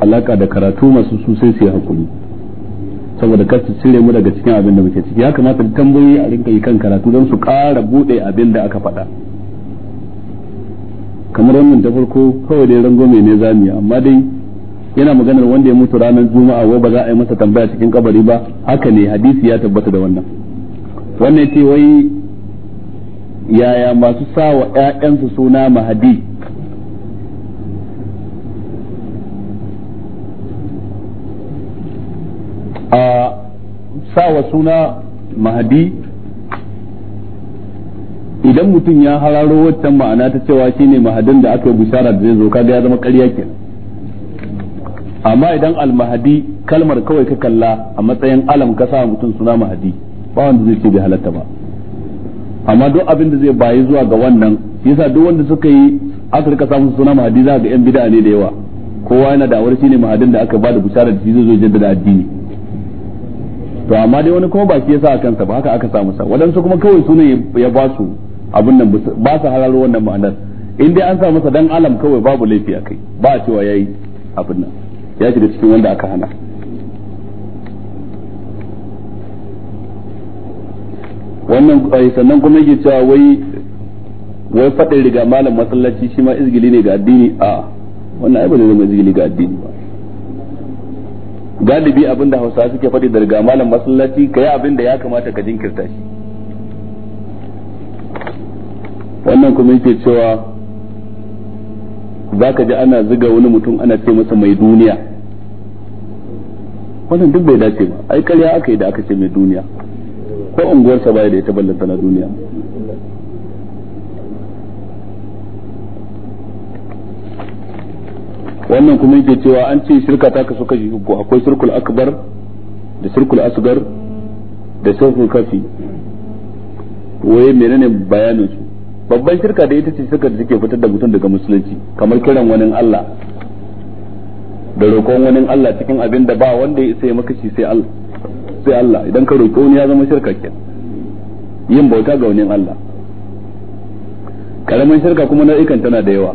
alaka da karatu masu su sai su yi hakuri saboda kar su cire mu daga cikin abin da muke ciki ya kamata da tambayoyi a rinka yi kan karatu don su kara bude abin da aka faɗa kamar wannan da farko kawai dai rangwame ne yi amma dai yana maganar wanda ya mutu ranar juma'a wa ba za a yi masa tambaya cikin kabari ba haka ne hadisi ya tabbata da wannan wannan ce wai yaya masu sa wa 'ya'yansu suna mahadi sawa suna mahadi idan mutum ya hararo waccan ma'ana ta cewa shine mahadin da aka yi bishara da zai zo kaga ya zama ƙarya ke. amma idan al-mahadi kalmar kawai ka kalla a matsayin alam ka sa mutum suna mahadi ba wanda zai ce bai halatta ba amma duk abin da zai bayi zuwa ga wannan yasa duk wanda suka yi aka rika samun suna mahadi za ga yan bid'a ne da yawa kowa yana da awar shine mahadin da aka ba da bishara da shi zai zo jaddada addini to amma dai wani kuma baki ya sa a kansa ba haka aka samu sa waɗansu kuma kawai su ne ya ba su abin nan ba su halalo wannan ma'anar in dai an sa masa dan alam kawai babu laifi a kai ba a cewa yayi abin nan ya shiga cikin wanda aka hana wannan eh, sannan kuma yake cewa wai wai faɗin riga malam masallaci shi ma izgili ne ga addini a wannan ai ba zai zama izgili ga addini ba galibi abin da hausawa suke faɗi riga malam masallaci ka yi abin da ya kamata ka jinkirta shi wannan kuma yake cewa za ka ji ana ziga wani mutum ana ce masa mai duniya wannan duk bai dace ba ai karya aka yi da aka ce mai duniya ko unguwarsa baya da ita ballanta na duniya wannan kuma yake cewa an ce shirka ta kasu kashi uku akwai shirkul akbar da shirkul asgar da shirkul kafi waye menene bayanin su babban shirka da ita ce shirka da take fitar da mutum daga musulunci kamar kiran wani Allah da roƙon wani Allah cikin abin da ba wanda ya isa ya maka shi sai Allah sai Allah idan ka roƙi wani ya zama shirka ke yin bauta ga wani Allah karamin shirka kuma nau'ikan tana da yawa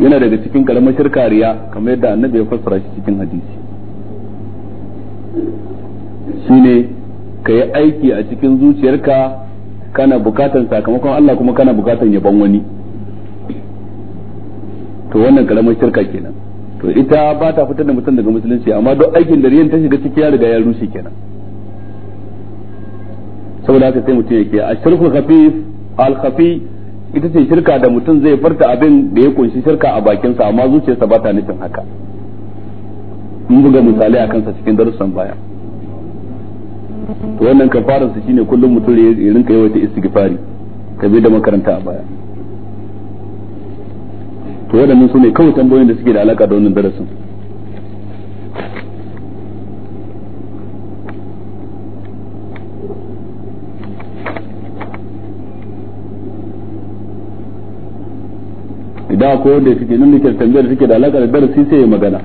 yana daga cikin karamar shirka riya kamar yadda annabi ya fassara shi cikin hadisi shine ka yi aiki a cikin zuciyarka kana bukatan sakamakon Allah kuma kana bukatan yabon wani to wannan karamar shirka kenan to ita ba ta fitar da mutum daga musulunci amma duk aikin da riyan ta shiga ciki ya riga ya rushe kenan saboda haka sai mutum yake a shirku khafif al khafi ita ce shirka da mutum zai farta abin da ya kunshi shirka a bakinsa amma zuciyarsa ba ta nufin haka mun buga misalai a kansa cikin darussan baya to wannan kafarar su shine kullum mutum ya rinka yawaita istighfari ka bi da makaranta a baya to waɗannan su ne kawai tambayoyin da suke da alaka da wannan darasin da ko da suke nan nake tambayar suke da alaka da darasi sai ya magana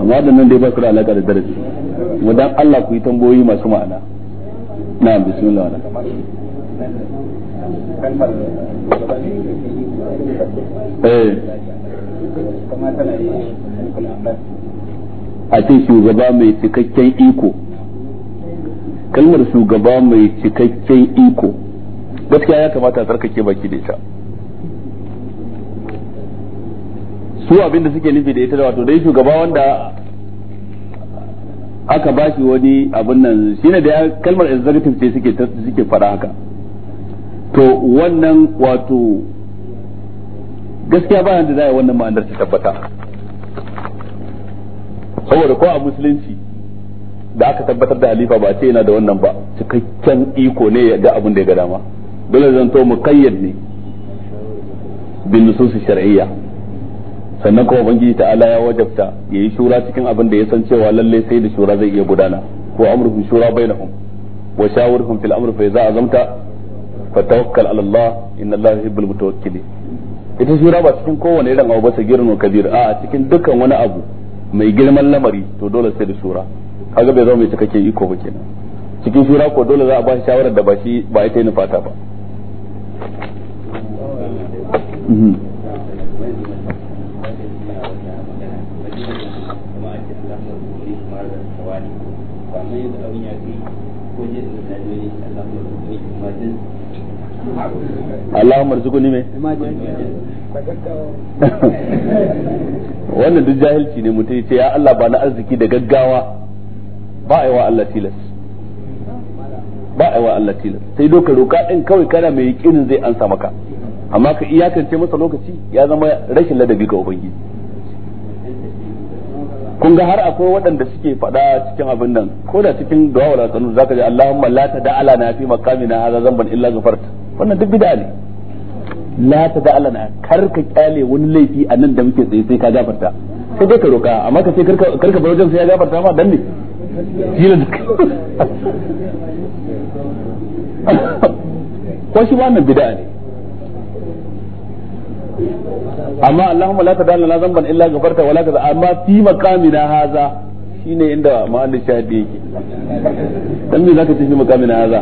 amma da nan dai ba su da alaka da darasi mu dan Allah ku yi tambayoyi masu ma'ana na'am bismillah wala eh a ce shugaba mai cikakken iko kalmar shugaba mai cikakken iko gaskiya ya kamata a tsarkake baki da ita su abin da suke nufi da ita da wato dai shugaba wanda aka ba shi wani abin nan shine da kalmar executive ce suke suke faɗa haka to wannan wato gaskiya ba da za a wannan ma'anar ta tabbata saboda ko a musulunci da aka tabbatar da halifa ba ce yana da wannan ba cikakken iko ne ya ga abin da ya ga dama dole zan to muqayyad ne bin nusus shar'iyya sannan kuma ubangiji ta'ala ya wajabta yayi shura cikin abin da ya san cewa lalle sai da shura zai iya gudana ko amruhum shura bainahum wa shawurhum fil amr fa idza azamta tawakkal ala Allah inna Allah yuhibbul mutawakkilin ita shura ba cikin kowane irin abu ba sa girnu kabir a cikin dukkan wani abu mai girman lamari to dole sai da shura kaga bai zama mai cikakke iko ba kenan cikin shura ko dole za a ba shi shawarar da ba shi ba ita yin fata ba mhm. abin ya kai ko je da sadu ne Allahumma rzuqni majin Allahumma rzuqni me wannan duk jahilci ne mutum ce ya Allah ba na arziki da gaggawa ba a yi wa Allah tilas ba a yi wa Allah tilas sai doka roka din kawai kana mai yakinin zai ansa maka amma ka iyakance masa lokaci ya zama rashin ladabi ga ubangiji kun ga har akwai waɗanda suke faɗa cikin abin nan ko da cikin du'a wala kanu zaka ji Allahumma la tada'ala na fi maqamina hadha zamban illa ghafarta wannan duk bid'a ne la tada'ala na kar ka kyale wani laifi a nan da muke tsaye sai ka gafarta sai dai ka roka amma ka sai karka karka bar wajen sai ya gafarta ma dan ne duk ko shi wannan bid'a ne amma Allahumma la tadalla na zamban illa gafarta wala kaza amma fi maqamina haza shine inda ma'anin shahidi yake dan me zaka ce fi maqamina haza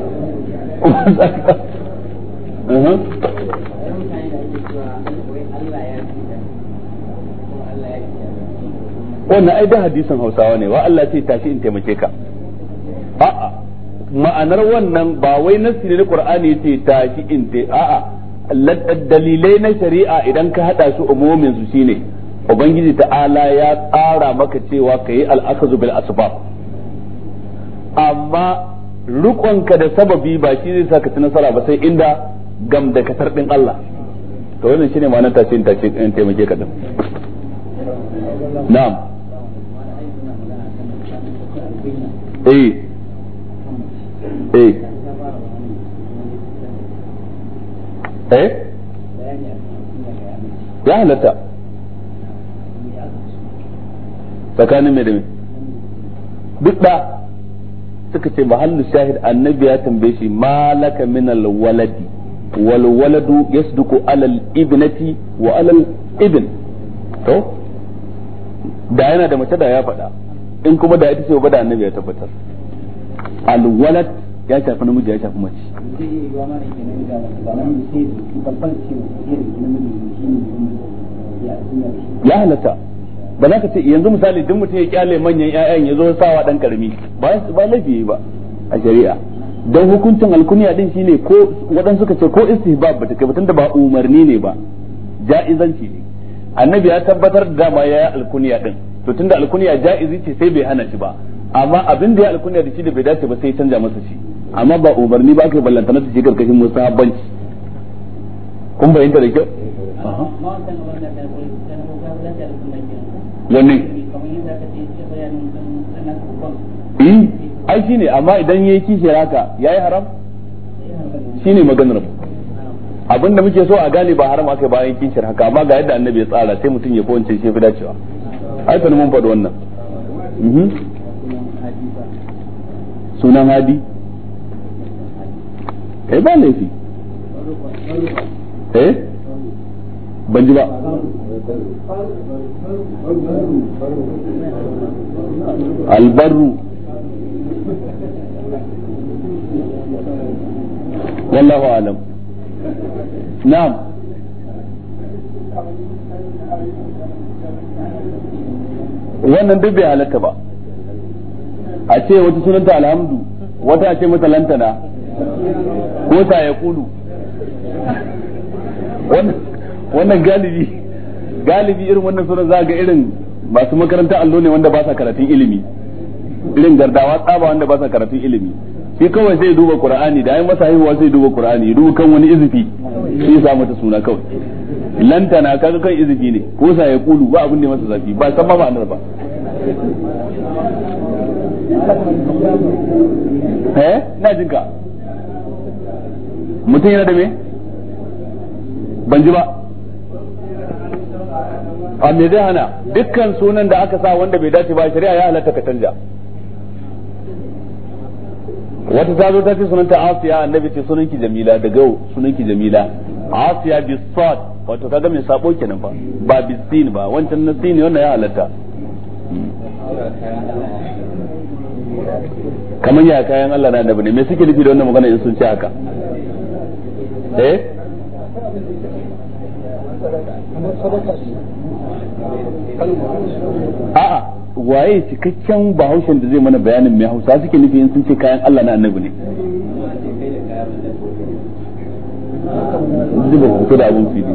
wannan ai da hadisin hausawa ne wa Allah sai tashi in taimake ka a'a ma'anar wannan ba wai nasiri ne na Qur'ani sai tashi in ta a'a dalilai na shari'a idan ka hada su umumin su shine ubangiji ta'ala ya tsara maka cewa ka yi al'akazu bil asbab amma rukonka da sababi ba shi zai saka ci nasara ba sai inda gam da kasar din Allah to wannan shine ma'anar ta tashin in taimake ka din na'am eh eh Eh? ya halatta tsakanin mai da mai duk da suka ce mahallu shahid annabi ya tambaye shi malaka min alwaladi wal waladu yasduqu ala al ibnati wa ala al ibn to da yana da mace da ya faɗa in kuma da ita ce ba da annabi ya tabbatar al walad ya shafi namiji ya shafi mace ya halatta ba za ka ce yanzu misali duk mutum ya kyale manyan ƴaƴan ya zo sawa dan karami ba ba laifi ba a shari'a dan hukuncin alkuniya din shine ko waɗansu suka ce ko istihbab ba ta kai da ba umarni ne ba ja'izanci ne annabi ya tabbatar da ma ya alkunya din to tunda alkuniya ja'izi ce sai bai hana shi ba amma abin da ya alkunya da shi da bai dace ba sai canja masa shi amma ba umarni ba aka ballanta na shi karkashin banci kun bayyanta da kyau wani yi eh, ai ne amma idan yayi kishiyar haka yi haram ne maganar mu abin da muke so a gane ba haram aka bayan kishiyar haka amma ga yadda annabi ya tsara sai mutum ya kowace shi fi dacewa ai mun faɗi wannan mhm. sunan hadi kai ba laifi eh ban ji ba wallahu alam na'am wannan duk bai halatta ba a ce wata sunanta alhamdu wata a ce mata lantana ko ta ya kulu wannan galibi galibi irin wannan sunan za ga irin masu makaranta allo ne wanda ba sa karatun ilimi irin gardawa tsaba wanda ba sa karatun ilimi shi kawai sai duba qur'ani da ai masa haihuwa sai duba qur'ani duba kan wani izifi shi ya samu ta suna kawai lantana kaga kan izifi ne ko sa ya kulu ba abin da masa zafi ba san a ma'anar ba eh na jin ka mutum yana da me ban ji ba a me zai hana dukkan sunan da aka sa wanda bai dace ba shari'a ya halatta ka canja wata ta zo ta ce sunanta asiya annabi ce sunanki jamila daga sunanki jamila asiya bi sad wato kaga mai sabo kenan fa ba bi sin ba wancan na sin ne wannan ya halatta hmm. kamar ya kayan Allah na annabi ne me suke nufi da wannan magana in sun ci haka eh a'a waye cikakken bahaushen da zai mana bayanin mai hausa suke nufi in sun ce kayan Allah na annabi ne ba kuka da abun fili ba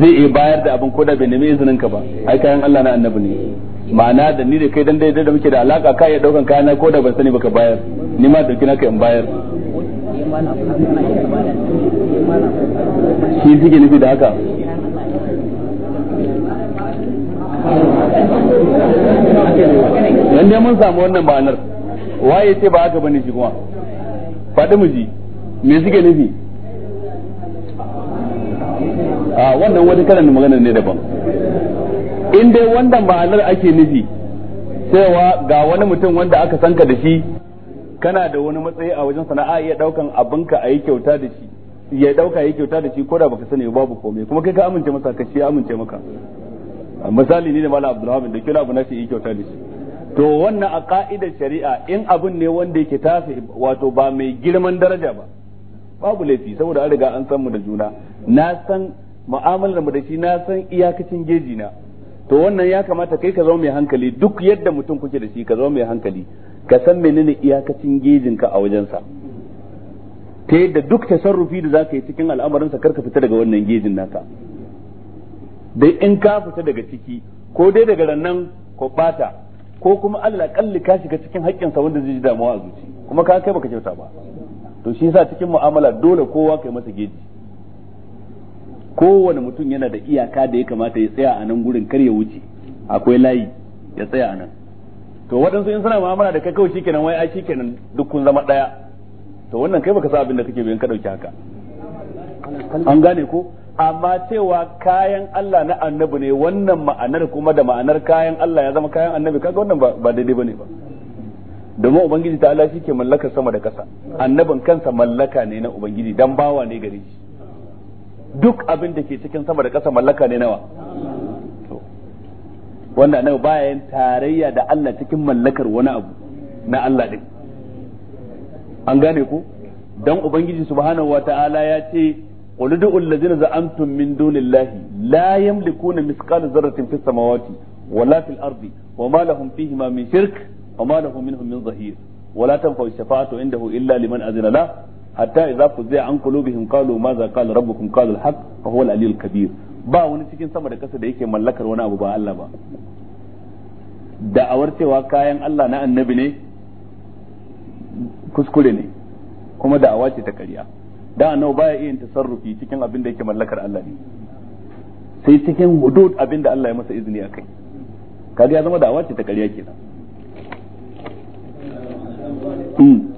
zai iya bayar da abin koda bai nemi izinin ka ba ai kayan Allah na annabi ne ma'ana da ni da kai dan dai da muke da alaka kai ya daukan kayan koda ban sani baka bayar ni ma dauki naka in bayar shi zige nufi da haka dan dai mun samu wannan ma'anar waye ce ba haka bane shi kuma faɗi mu ji me zige nufi a wannan wani kalan magana ne daban in dai wannan ma'anar ake nufi cewa ga wani mutum wanda aka sanka da shi kana da wani matsayi a wajen sana'a ya daukan abinka a yi kyauta da shi ya dauka ya kyauta da shi ko da baka sani babu komai kuma kai ka amince masa ka shi amince maka misali ni da malam abdulhamid da kila abu na shi yi kyauta da shi to wannan a ka'idar shari'a in abin ne wanda yake tafi wato ba mai girman daraja ba babu laifi saboda an riga an san mu da juna na san mu'amalar mu da shi na san iyakacin geji na to wannan ya kamata kai ka zama mai hankali duk yadda mutum kuke da shi ka zama mai hankali ka san menene iyakacin gejin ka a wajensa ta yadda duk tasarrufi da zaka yi cikin al'amarin kar ka fita daga wannan gejin naka dai in ka fita daga ciki ko dai daga rannan ko bata ko kuma Allah kalli ka shiga cikin sa wanda zai ji damuwa a zuci kuma ka kai baka kyauta ba to shi yasa cikin mu'amala dole kowa kai masa geji kowane mutum yana da iyaka da ya kamata ya tsaya a nan gurin kar ya wuce akwai layi ya tsaya a nan to waɗansu in suna mu'amala da kai kawai shikenan wai ai shikenan duk kun zama ɗaya to wannan kai baka sa abin da kake bayan ka ɗauki haka an gane ko amma cewa kayan Allah na annabi ne wannan ma'anar kuma da ma'anar kayan Allah ya zama kayan annabi kaga wannan ba daidai bane ba domin ubangiji ta Allah shi ke mallakar sama da ƙasa annabin kansa mallaka ne na ubangiji dan bawa ne gare shi duk abinda ke cikin sama da ƙasa mallaka ne nawa wanda baya yin tarayya da Allah cikin mallakar wani abu na Allah din an gane ko dan ubangiji subhanahu wataala ya ce qul du'u allazina za'amtum min dunillahi la yamlikuna mithqala dharratin fis samawati wala fil ardi wama lahum fihima min shirk wama lahum minhum min zahir ولا تنفع الشفاعة عنده إلا لمن أذن له hatta idza fuzi'a an qulubihim qalu ma za qala rabbukum qalu al fa huwa kabir ba wani cikin sama da kasa da yake mallakar wani abu ba Allah ba da'awar cewa kayan Allah na annabi ne kuskure ne kuma da'awa ce ta ƙarya da annabi baya iya tasarrufi cikin abin da yake mallakar Allah ne sai cikin hudud abin da Allah ya masa izini akai kaga ya zama da'awa ce ta ƙarya kenan hmm.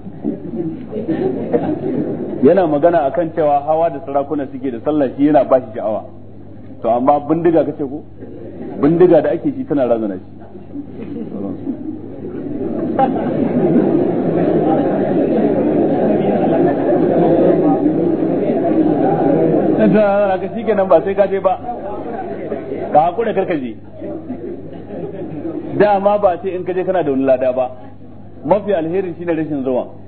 yana magana akan cewa hawa da sarakuna suke da sallah shi yana ba shi sha'awa to amma bindiga kace ko bindiga da ake shi tana razana shi ka shi kenan ba sai ka je ba ka hakura je dama ba sai in ka je kana da wani lada ba mafi alherin shine rashin zuwa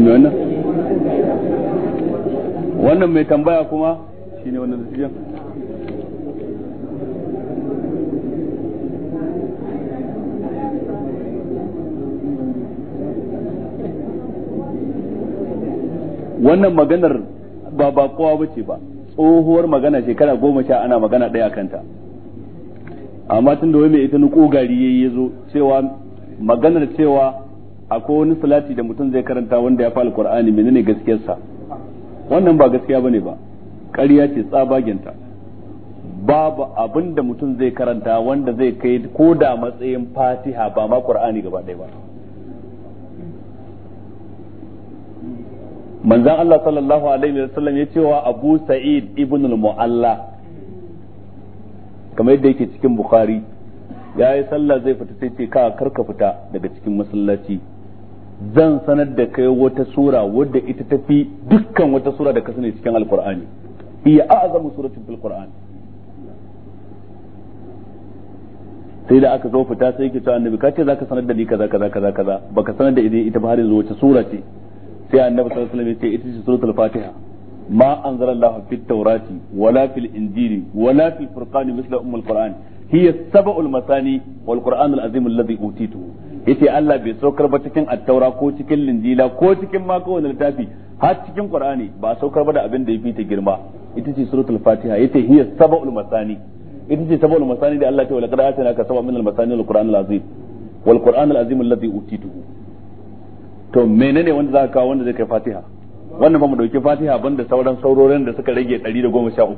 ne mai wannan wannan mai tambaya kuma shine wannan da wannan maganar ba ba kowa ce ba tsohuwar magana shekara goma sha ana magana ɗaya kanta amma tun da wai mai ita nuko gari yayi yazo cewa maganar cewa akwai wani salati da mutum zai karanta wanda ya fi alkur'ani menene gaskiyarsa wannan ba gaskiya bane ba ƙarya ce tsabaginta babu abin da mutum zai karanta wanda zai kai ko da matsayin fatiha ba ma qur'ani gaba ɗaya ba manzan Allah sallallahu alaihi wa sallam ya cewa Abu Sa'id ibn al-Mu'alla kamar yadda yake cikin Bukhari ya yi sallah zai fita sai ce ka karka fita daga cikin masallaci zan sanar da kai wata sura wadda ita tafi dukkan wata sura da ka sani cikin alqur'ani iya a'zamu suratin fil qur'an sai da aka zo fita sai ke cewa annabi ka zaka sanar da ni kaza kaza kaza kaza baka sanar da ita ba har yanzu wata sura ce sai annabi sallallahu alaihi wasallam ya ce ita ce suratul fatiha ما أنزل الله في التوراة ولا في الإنجيل ولا في الفرقان مثل أم القرآن هي السبع المثاني والقرآن العظيم الذي أوتيته yace Allah bai saukar ba cikin attaura ko cikin linjila ko cikin ma kowane littafi har cikin qur'ani ba saukar ba da abin da yafi ta girma ita ce suratul fatiha yace hiya sab'ul masani ita ce sab'ul masani da Allah ta wala qad atana ka sab'a min al masani al qur'an al azim wal qur'an al azim alladhi utituhu to menene wanda za ka wanda zai kai fatiha wannan ba mu dauki fatiha banda sauran sauraron da suka rage 113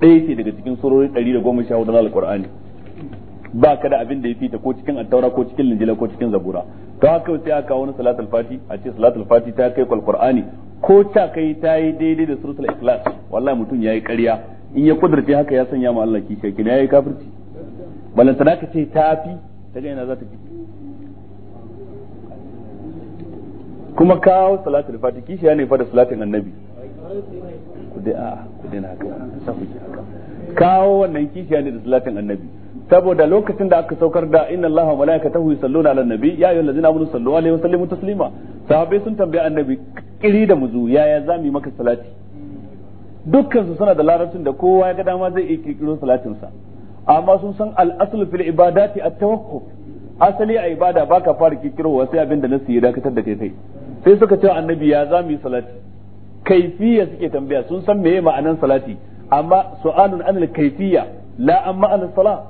ɗaya ce daga cikin surori 114 na al qur'ani ba ka da abin da ya fita ko cikin attaura ko cikin linjila ko cikin zabura to haka sai aka wani salatul fati a ce salatul fati ta kai qur'ani ko ta kai ta yi daidai da suratul ikhlas wallahi mutum yayi ƙarya in ya kudurce haka ya sanya ma Allah kishi kin yayi kafirci balantana ka ce ta fi ta ga yana za ta fi kuma kawo salatul fati kishi ya ne fa da salatin annabi ku dai a ku dai na haka sa ku haka kawo wannan kishi ya ne da salatin annabi saboda lokacin da aka saukar da inna Allah wa malaikatahu yusalluna ala nabi ya ayyuhal ladzina amanu sallu alaihi wa sallimu taslima sahabbai sun tambaya annabi kiri da muzu yaya zamu yi maka salati dukkan su suna da larabcin da kowa ya ga dama zai iya kirkiro salatin sa amma sun san al-aslu fil ibadati at-tawakkuf asali a ibada baka fara kirkirowa sai abin da nasu ya dakatar da kai kai sai suka ce annabi ya zamu yi salati kaifiya suke tambaya sun san meye ma'anan salati amma su'alun anil kaifiya la amma an salat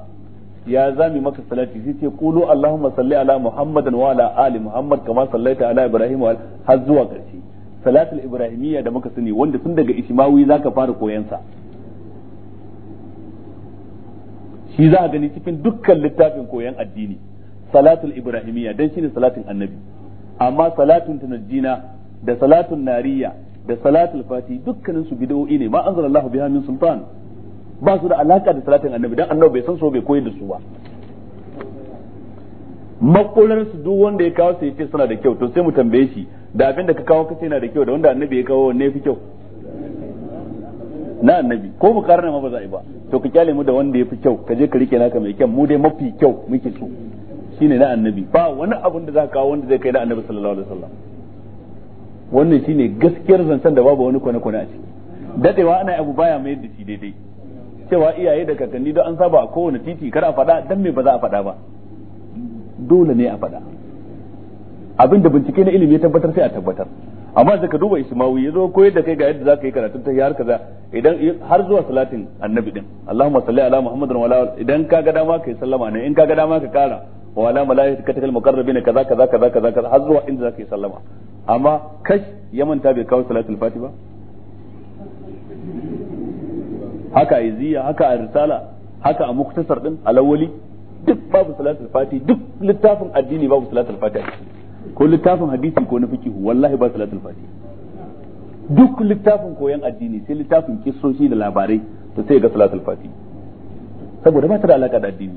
ya zami maka salati sai ce qulu allahumma salli ala muhammadin wa ala ali muhammad kama sallaita ala ibrahim wa har zuwa karshe salatul ibrahimiyya da muka sani wanda tun daga ismawi zaka fara koyan sa shi za a gani cikin dukkan littafin koyan addini salatul ibrahimiyya dan shine salatin annabi amma salatun tunajjina da salatun nariya da salatul fati dukkanin su bid'o'i ne ma anzalallahu biha min sultan ba su da alaka da salatin annabi dan annabi bai san su bai koyi da su ba makular su duk wanda ya kawo su yace suna da kyau to sai mu tambaye shi da abin da ka kawo kace yana da kyau da wanda annabi ya kawo wanne fi kyau na annabi ko mu karana ma ba za a yi ba to ka kyale mu da wanda ya fi kyau ka je ka rike naka mai kyau mu dai mafi kyau muke so shine na annabi ba wani abin da za ka kawo wanda zai kai na annabi sallallahu alaihi wasallam wannan shine gaskiyar zancen da babu wani kwane-kwane a ciki dadewa ana abu baya mai da shi daidai cewa iyaye da kakanni don an saba a kowane titi kar a faɗa dan me ba za a faɗa ba dole ne a faɗa abin da bincike na ilimi ya tabbatar sai a tabbatar amma sai ka duba ismawi ya zo koyar da kai ga yadda zaka yi karatun ta har kaza idan har zuwa salatin annabi din Allahumma salli ala Muhammadin wa ala idan ka ga dama kai sallama ne in ka ga dama ka kara wa ala malaikatikal muqarrabin kaza kaza kaza kaza har zuwa inda zaka yi sallama amma kash ya manta bai kawo salatul fatiha haka a iziya haka a risala haka a muktasar din alawali duk babu salatul fati duk littafin addini babu salatul fati ko littafin hadisi ko na fikihu wallahi ba salatul fati duk littafin koyon addini sai littafin kissoshi da labarai to sai ga salatul fati saboda ba ta da alaka da addini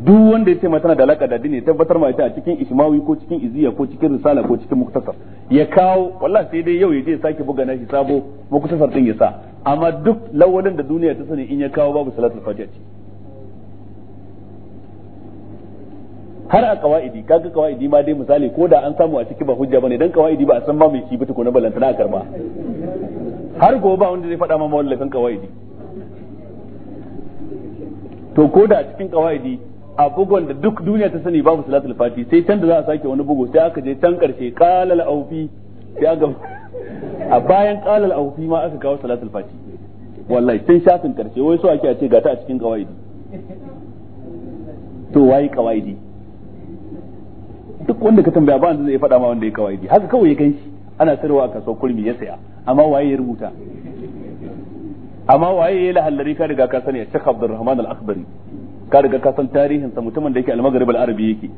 duk wanda ya ce ma tana da alaka da addini tabbatar ma ita a cikin ismawi ko cikin iziya ko cikin risala ko cikin muktasar ya kawo wallahi sai dai yau ya je sake buga shi sabo kusa din ya sa amma duk lawalin da duniya ta sani in ya kawo babu salatul fatiha ce har a kawaidi kaga kawaidi ma dai misali ko da an samu a ciki ba hujja bane dan kawaidi ba a san ma mai shi ba na balanta na karba har gobe ba wanda zai faɗa ma mawallafin kawaidi to ko da cikin kawaidi a bugun da duk duniya ta sani babu salatul fati sai can da za a sake wani bugu sai aka je can karshe qalal aufi sai aka a bayan qalal aufi ma aka kawo salatul fati wallahi sai shafin karshe wai so ake a ce gata a cikin kawaidi to wayi kawaidi duk wanda ka tambaya ba wanda zai faɗa ma wanda ya kawaidi haka kawai ya ganshi ana sarwa a kaso kurmi ya saya amma waye ya rubuta amma waye ya lahallari ka riga ka sani Sheikh Abdulrahman al akhbari ka riga ka san tarihin sa mutumin da yake al-maghrib al-arabi yake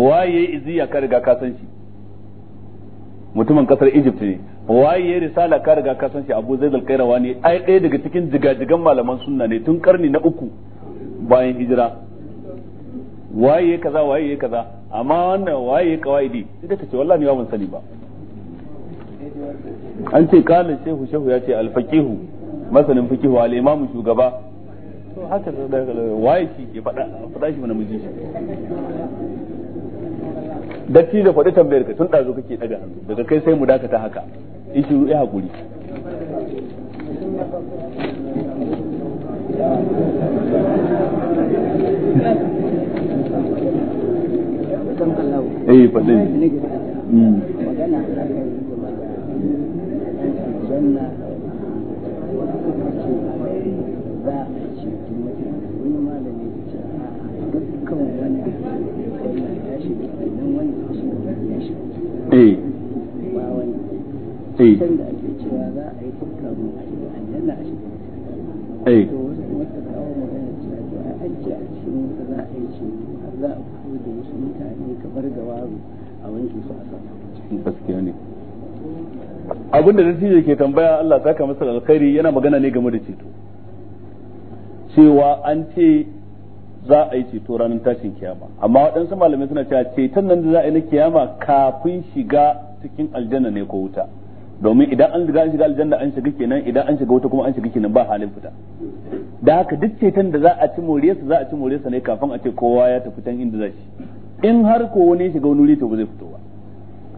waye iziya ka riga ka san shi mutumin kasar Egypt ne waye risala ka riga ka san shi Abu Zaid al-Qayrawani ai ɗaya daga cikin jigajigan malaman sunna ne tun karni na uku bayan hijira waye kaza waye kaza amma wannan waye kawaidi sai ka ce wallahi ni ba mun sani ba an ce kalin shehu shehu ya ce al-faqihu masanin fiqihu al-imamu shugaba haka waye shi ke faɗa faɗa shi namiji shi datti da faɗi tambayar ka tun ɗazu kake daga hannu daga kai sai mu dakata haka ishiru ya haƙuri eh faɗi hmm. magana Eh. Eh. Eh. Abin da eh ke tambaya Allah ka masa alkhairi yana magana ne game da ceto cewa an ce za a yi ceto ranar tashin kiyama amma waɗansu malamai suna cewa ceton nan da za a yi na kiyama kafin shiga cikin aljanna ne ko wuta domin idan an shiga an shiga aljanna an shiga kenan idan an shiga wuta kuma an shiga kenan ba halin fita da haka duk ceton da za a ci moriyarsa za a ci moriyarsa ne kafin a ce kowa ya tafi can inda za shi in har ko wani ya shiga wani wuri to ba zai fito ba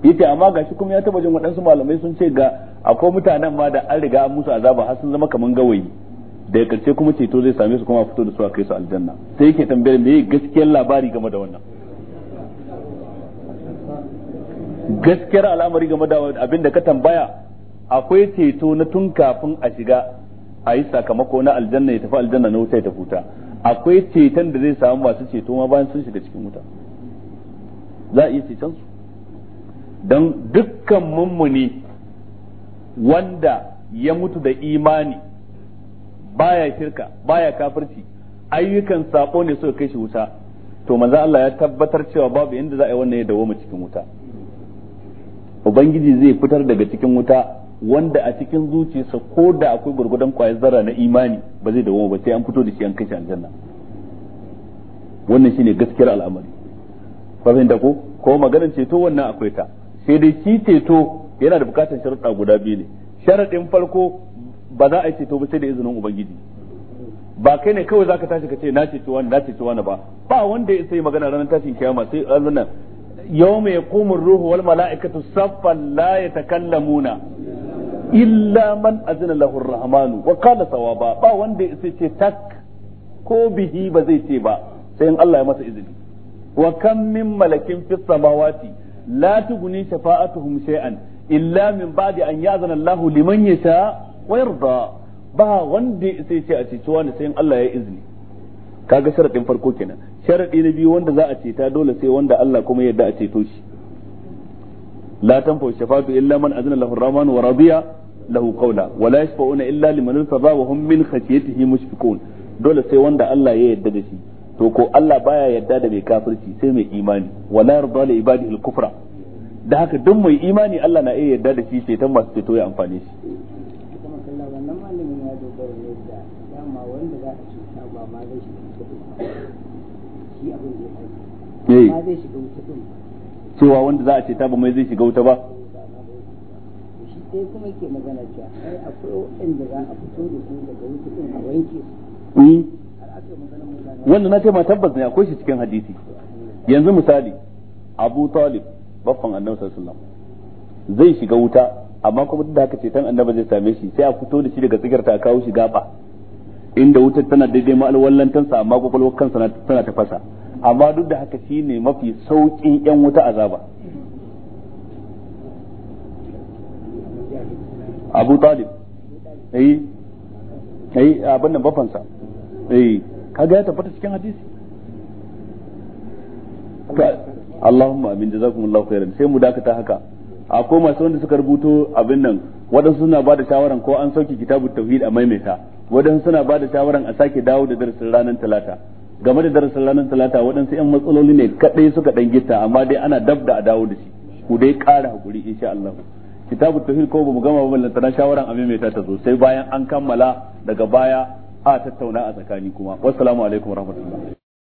yace amma gashi kuma ya taba jin waɗansu malamai sun ce ga akwai mutanen ma da an riga an musu azaba har sun zama kaman gawayi da karshe kuma ceto zai same su kuma fito da su a kai su aljanna sai yake tambayar me gaskiyar labari game da wannan gaskiyar al'amari game da abin da ka tambaya akwai ceto na tun kafin a shiga a yi sakamako na aljanna ya tafi aljanna na wuta ya tafi wuta akwai ceton da zai samu masu ceto ma bayan sun shiga cikin wuta za a iya ceton su don dukkan mummuni wanda ya mutu da imani baya shirka baya kafirci ayyukan sako ne suka kai shi wuta to manzo Allah ya tabbatar cewa babu inda za a yi wannan ya dawo mu cikin wuta ubangiji zai fitar daga cikin wuta wanda a cikin zuciyarsa ko da akwai gurgudan kwayar zarra na imani ba zai dawo ba sai an fito da shi an kai shi aljanna wannan shine gaskiyar al'amari fa fahimta ko ko maganar ceto wannan akwai ta sai dai shi ceto yana da bukatar sharuɗa guda biyu ne sharaɗin farko ba za a yi ceto ba sai da izinin ubangiji ba kai ne kawai zaka tashi ka ce na ce wani na wani ba ba wanda ya sai magana ranar tashin kiyama sai Allah nan yawma yaqumu ruhu wal mala'ikatu saffan la yatakallamuna illa man azina lahu ar-rahman wa qala sawaba ba wanda ya sai ce tak ko bihi ba zai ce ba sai in Allah ya masa izini wa kam min malakin fis samawati la tughni shafa'atuhum shay'an illa min ba'di an ya'zana Allahu liman yasha' wa da ba wanda sai ce a ceci wani sai Allah ya izini kaga sharadin farko kenan sharadi na biyu wanda za a ceta dole sai wanda Allah kuma yadda a ceto shi la tanfa shafatu illa man azna lahu ar-rahman wa radiya lahu qawla wa la yashfa'una illa liman irtada wa hum min khashyatihi mushfiqun dole sai wanda Allah ya yadda da shi to ko Allah baya yadda da mai kafirci sai mai imani la yarda li ibadihi al-kufra da haka duk mai imani Allah na iya yarda da shi sai tan masu ceto ya amfane shi Eh. cewa wanda za a ce taba mai zai shiga wuta ba sai kuma ke magana cewa ai akwai za a fito da su daga wuta a wanke su hmm. wanda na ce ma tabbas ne akwai shi cikin hadisi yanzu misali Abu Talib baffan Annabi sallallahu zai shiga wuta amma kuma duk da haka ceton Annabi zai same shi sai a fito da shi daga tsigarta a kawo shi gaba inda wutar tana daidai ma alwallantansa amma kwakwalwar kansa tana tafasa amma duk da haka shi ne mafi sauƙin yan wuta azaba abu talib eh eh abin nan bafansa eh kaga ya tabbata cikin hadisi Allahumma amin jazakumullahu khairan sai mu dakata haka akwai masu wanda suka rubuto abin nan waɗansu suna ba da shawaran ko an sauke kitabut tauhid a maimaita waɗansu suna ba da shawaran a sake dawo da darasin ranar talata game da darasin ranar talata waɗansu 'yan matsaloli ne kaɗai suka ɗan gita amma dai ana dab da a dawo da shi ku dai ƙara hakuri insha Allah kitabu tuhil ko ba mu gama ba lantana shawaran abin mai ta zo sai bayan an kammala daga baya a tattauna a tsakani kuma wassalamu alaikum warahmatullahi